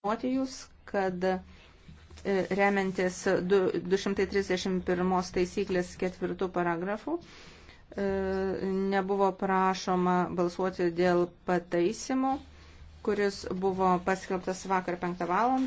informuoti jūs, kad e, remiantis 231 taisyklės ketvirtų paragrafų e, nebuvo prašoma balsuoti dėl pataisimo, kuris buvo paskelbtas vakar 5 val.